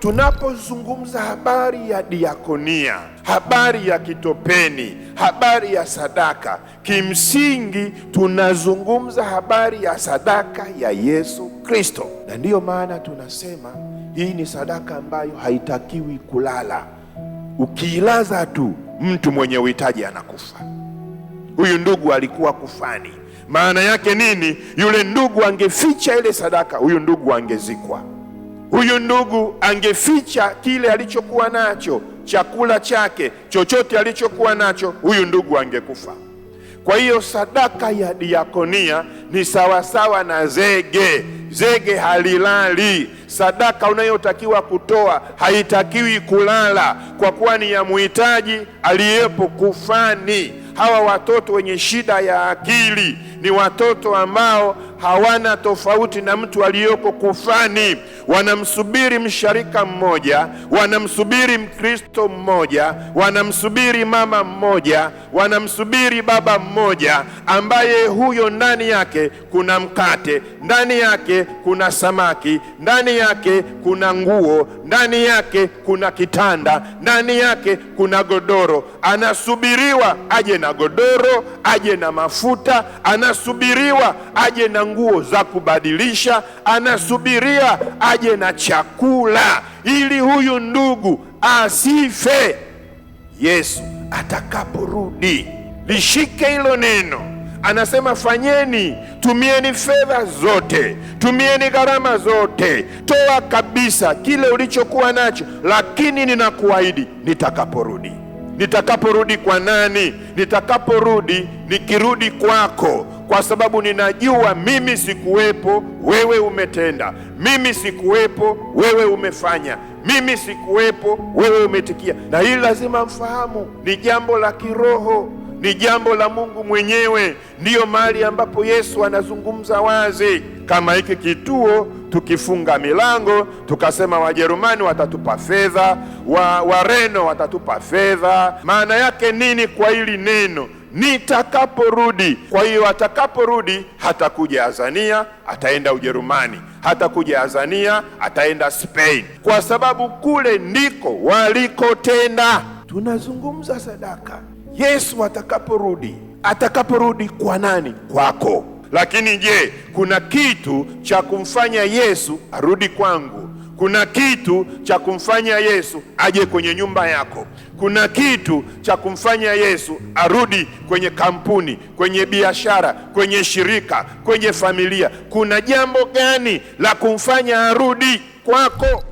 Tunapozungumza habari ya diakonia, habari ya kitopeni, habari ya sadaka, kimsingi tunazungumza habari ya sadaka ya Yesu Kristo, na ndiyo maana tunasema hii ni sadaka ambayo haitakiwi kulala. Ukiilaza tu, mtu mwenye uhitaji anakufa. Huyu ndugu alikuwa kufani. Maana yake nini? Yule ndugu angeficha ile sadaka, huyu ndugu angezikwa. Huyu ndugu angeficha kile alichokuwa nacho, chakula chake, chochote alichokuwa nacho, huyu ndugu angekufa. Kwa hiyo sadaka ya diakonia ni sawasawa na zege. Zege halilali. Sadaka unayotakiwa kutoa haitakiwi kulala, kwa kuwa ni ya muhitaji aliyepo kufani. Hawa watoto wenye shida ya akili ni watoto ambao hawana tofauti na mtu aliyoko kufani. Wanamsubiri msharika mmoja, wanamsubiri Mkristo mmoja, wanamsubiri mama mmoja, wanamsubiri baba mmoja, ambaye huyo ndani yake kuna mkate, ndani yake kuna samaki, ndani yake kuna nguo, ndani yake kuna kitanda, ndani yake kuna godoro. Anasubiriwa aje na godoro, aje na mafuta, anasubiriwa aje na nguo za kubadilisha, anasubiria aje na chakula ili huyu ndugu asife. Yesu atakaporudi, lishike hilo neno. Anasema fanyeni, tumieni fedha zote, tumieni gharama zote, toa kabisa kile ulichokuwa nacho, lakini ninakuahidi nitakaporudi. Nitakaporudi kwa nani? Nitakaporudi, nikirudi kwako kwa sababu ninajua mimi sikuwepo, wewe umetenda, mimi sikuwepo, wewe umefanya, mimi sikuwepo, wewe umetikia. Na hili lazima mfahamu, ni jambo la kiroho, ni jambo la Mungu mwenyewe. Ndiyo mahali ambapo Yesu anazungumza wazi, kama hiki kituo tukifunga milango tukasema, Wajerumani watatupa fedha, Wareno watatupa fedha, maana yake nini kwa hili neno? nitakaporudi. Kwa hiyo atakaporudi hatakuja Azania, ataenda Ujerumani, hatakuja Azania, ataenda Spain, kwa sababu kule ndiko walikotenda. Tunazungumza sadaka. Yesu atakaporudi, atakaporudi kwa nani? Kwako. Lakini je, kuna kitu cha kumfanya Yesu arudi kwangu kuna kitu cha kumfanya Yesu aje kwenye nyumba yako. Kuna kitu cha kumfanya Yesu arudi kwenye kampuni, kwenye biashara, kwenye shirika, kwenye familia. Kuna jambo gani la kumfanya arudi kwako?